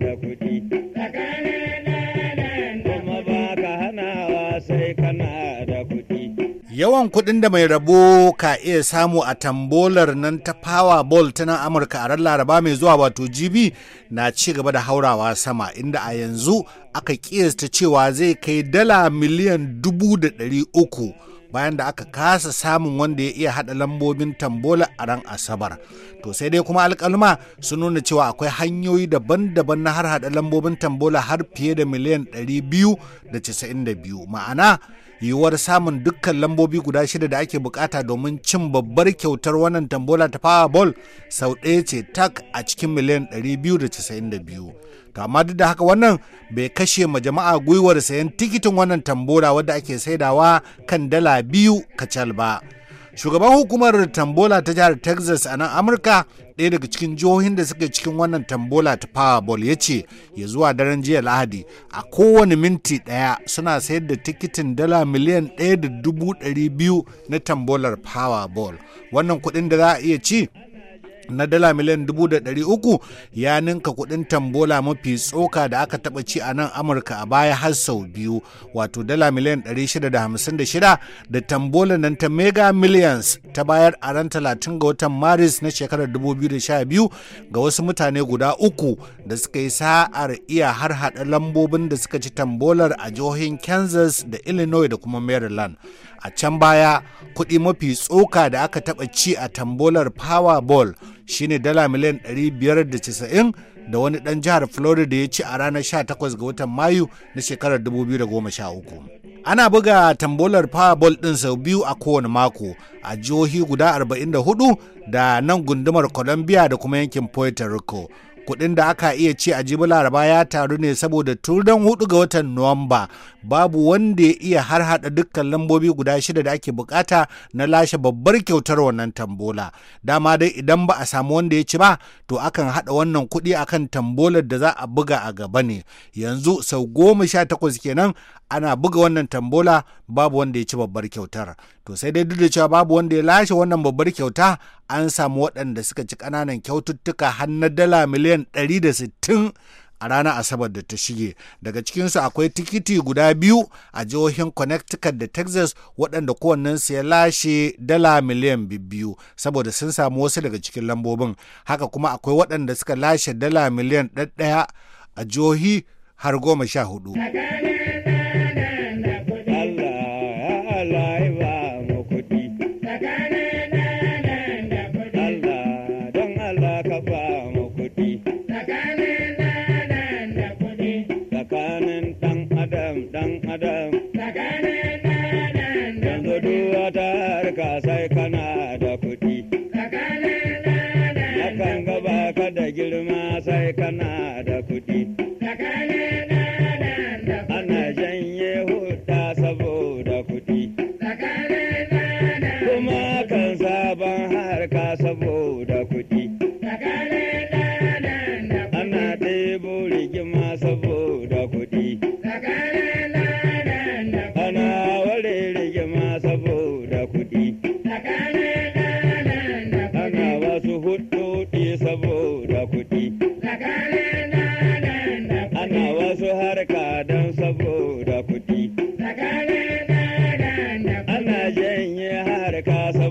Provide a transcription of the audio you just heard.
da kuɗi. Kuma ba ka hanawa sai kana da kuɗi. Yawan kuɗin da mai rabo ka iya samu a tambolar nan ta Powerball ta nan Amurka a ran Laraba mai zuwa wato GB na ci gaba da haurawa sama inda a yanzu aka kiyasta cewa zai kai dala miliyan dubu da dari uku. bayan da aka kasa samun wanda ya iya hada lambobin tambola a ran asabar to sai dai kuma alƙaluma sun nuna cewa akwai hanyoyi daban-daban na har hada lambobin tambola har fiye da miliyan da 292 ma'ana yiwuwar samun dukkan lambobi guda shida da ake bukata domin cin babbar kyautar wannan tambola ta powerball sau ɗaya ce tak a cikin miliyan 292 to amma duk da haka wannan bai kashe ma jama'a gwiwar sayan tikitin wannan tambola wadda ake saidawa kan dala biyu kacal ba shugaban hukumar tambola ta jihar texas a nan amurka ɗaya daga cikin jihohin da suke cikin wannan tambola ta powerball ya ce ya zuwa daren jiya lahadi a kowane minti ɗaya suna sayar da tikitin dala miliyan ɗaya da dubu ɗari biyu na tambolar powerball wannan kuɗin da za a iya ci na dala miliyan dubu da ɗari uku ya ninka kuɗin tambola mafi tsoka da aka taba ci a nan amurka a baya har sau biyu wato dala miliyan ɗari shida da hamsin da shida da tambola nan ta mega millions ta bayar a ran talatin ga watan maris na shekarar dubu ga wasu mutane guda uku da suka yi sa'ar iya har haɗa lambobin da suka ci tambolar a jihohin kansas da illinois da kuma maryland a can baya kuɗi mafi tsoka da aka taɓa ci a tambolar powerball shine dala miliyan 590 da wani ɗan jihar Florida ya ci a ranar 18 ga watan Mayu na shekarar 2013. Ana buga tambolar Powerball ɗin sau biyu a kowane mako a jihohi guda 44 da nan gundumar Colombia da kuma yankin Puerto Rico. kuɗin da aka iya ce a jibi laraba ya taru ne saboda turdan hudu ga watan nuwamba babu wanda ya iya har hada dukkan lambobi guda shida da ake bukata na lashe babbar kyautar wannan tambola dama dai idan ba a samu wanda ya ci ba to akan hada wannan kuɗi akan tambolar da za a buga a gaba ne yanzu sau goma sha takwas kenan ana buga wannan tambola babu wanda ya ci babbar kyautar to sai dai duk da cewa babu wanda ya lashe wannan babbar kyauta an samu waɗanda suka ci ƙananan kyaututtuka har na dala miliyan 160 a ranar asabar da ta shige daga cikinsu akwai tikiti guda biyu a jihohin connecticut da texas waɗanda kowannensu ya lashe dala miliyan biyu saboda sun samu wasu daga cikin lambobin haka kuma akwai waɗanda suka lashe dala miliyan ɗaya a jihohi har goma sha hudu. sai kana da kudi. Ana janye huta saboda kudi. Kuma kan sabon harka saboda kudi. Ana ɗebo rigima saboda kudi. Ana ware rigima saboda kudi. Ana wasu huɗuɗi saboda kudi. Ana wasu harka don saboda kuɗi. Ana janye harka